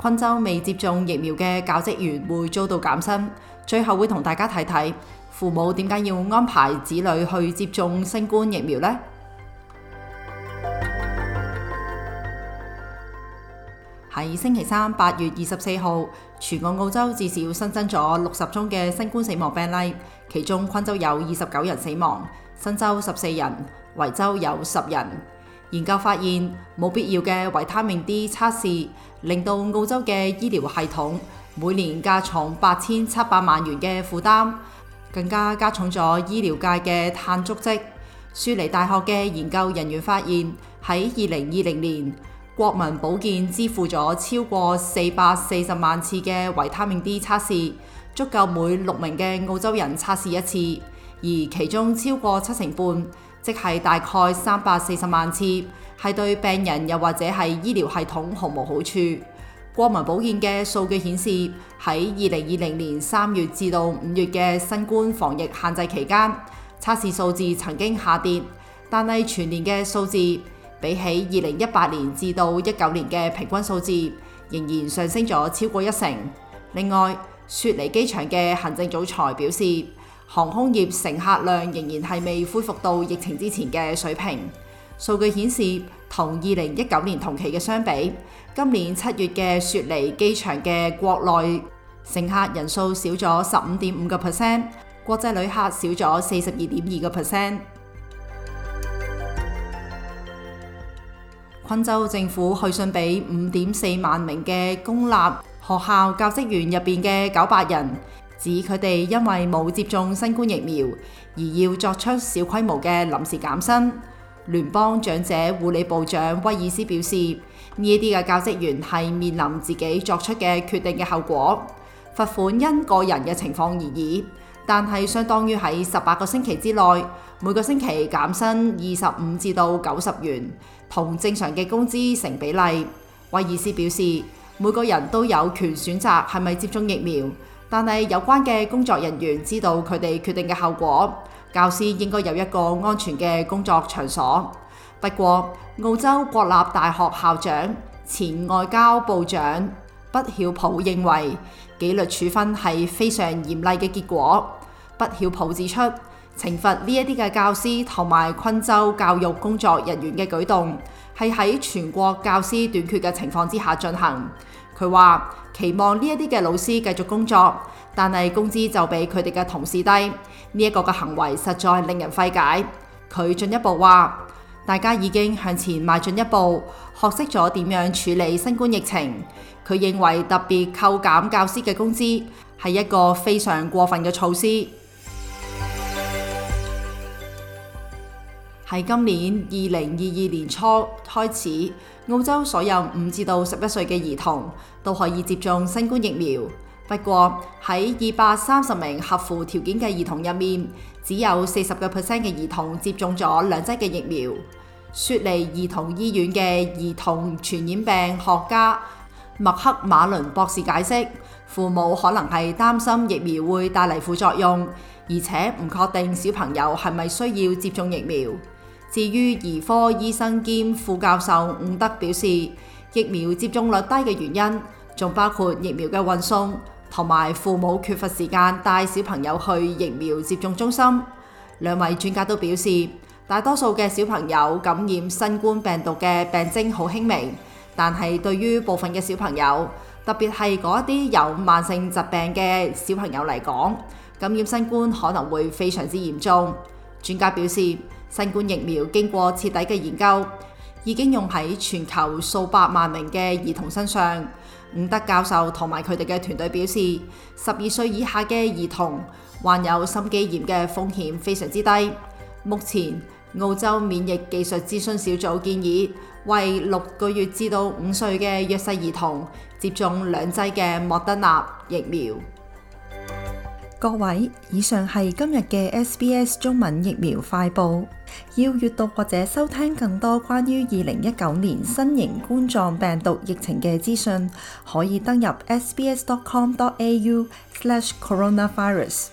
昆州未接種疫苗嘅教職員會遭到減薪。最後會同大家睇睇父母點解要安排子女去接種新冠疫苗呢？喺 星期三八月二十四號，全澳洲至少新增咗六十宗嘅新冠死亡病例，其中昆州有二十九人死亡，新州十四人，維州有十人。研究發現，冇必要嘅維他命 D 測試，令到澳洲嘅醫療系統每年加重八千七百萬元嘅負擔，更加加重咗醫療界嘅碳足跡。舒尼大學嘅研究人員發現，喺二零二零年，國民保健支付咗超過四百四十萬次嘅維他命 D 測試，足夠每六名嘅澳洲人測試一次，而其中超過七成半。即係大概三百四十萬次，係對病人又或者係醫療系統毫無好處。國民保健嘅數據顯示，喺二零二零年三月至到五月嘅新冠防疫限制期間，測試數字曾經下跌，但係全年嘅數字比起二零一八年至到一九年嘅平均數字，仍然上升咗超過一成。另外，雪梨機場嘅行政總裁表示，航空業乘客量仍然係未恢復到疫情之前嘅水平。數據顯示，同二零一九年同期嘅相比，今年七月嘅雪梨機場嘅國內乘客人數少咗十五點五個 percent，國際旅客少咗四十二點二個 percent。昆州政府去信畀五點四萬名嘅公立學校教職員入面嘅九百人，指佢哋因為冇接種新冠疫苗而要作出小規模嘅臨時減薪。聯邦長者護理部長威爾斯表示，呢啲嘅教職員係面臨自己作出嘅決定嘅後果，罰款因個人嘅情況而異，但係相當於喺十八個星期之內每個星期減薪二十五至到九十元，同正常嘅工資成比例。威爾斯表示，每個人都有權選擇係咪接種疫苗。但係有關嘅工作人員知道佢哋決定嘅後果，教師應該有一個安全嘅工作場所。不過，澳洲國立大學校長、前外交部長畢曉普認為，紀律處分係非常嚴厲嘅結果。畢曉普指出，懲罰呢一啲嘅教師同埋昆州教育工作人員嘅舉動，係喺全國教師短缺嘅情況之下進行。佢話期望呢一啲嘅老師繼續工作，但係工資就比佢哋嘅同事低。呢一個嘅行為實在令人費解。佢進一步話，大家已經向前邁進一步，學識咗點樣處理新冠疫情。佢認為特別扣減教師嘅工資係一個非常過分嘅措施。喺今年二零二二年初開始，澳洲所有五至到十一歲嘅兒童都可以接種新冠疫苗。不過，喺二百三十名合乎條件嘅兒童入面，只有四十個 percent 嘅兒童接種咗兩劑嘅疫苗。雪梨兒童醫院嘅兒童傳染病學家麥克馬倫博士解釋，父母可能係擔心疫苗會帶嚟副作用，而且唔確定小朋友係咪需要接種疫苗。至於兒科醫生兼副教授伍德表示，疫苗接種率低嘅原因仲包括疫苗嘅運送同埋父母缺乏時間帶小朋友去疫苗接種中心。兩位專家都表示，大多數嘅小朋友感染新冠病毒嘅病徵好輕微，但係對於部分嘅小朋友，特別係嗰啲有慢性疾病嘅小朋友嚟講，感染新冠可能會非常之嚴重。專家表示，新冠疫苗經過徹底嘅研究，已經用喺全球數百萬名嘅兒童身上。伍德教授同埋佢哋嘅團隊表示，十二歲以下嘅兒童患有心肌炎嘅風險非常之低。目前，澳洲免疫技術諮詢小組建議，為六個月至到五歲嘅弱勢兒童接種兩劑嘅莫德納疫苗。各位，以上係今日嘅 SBS 中文疫苗快報。要閲讀或者收聽更多關於二零一九年新型冠狀病毒疫情嘅資訊，可以登入 SBS dot com dot AU slash coronavirus。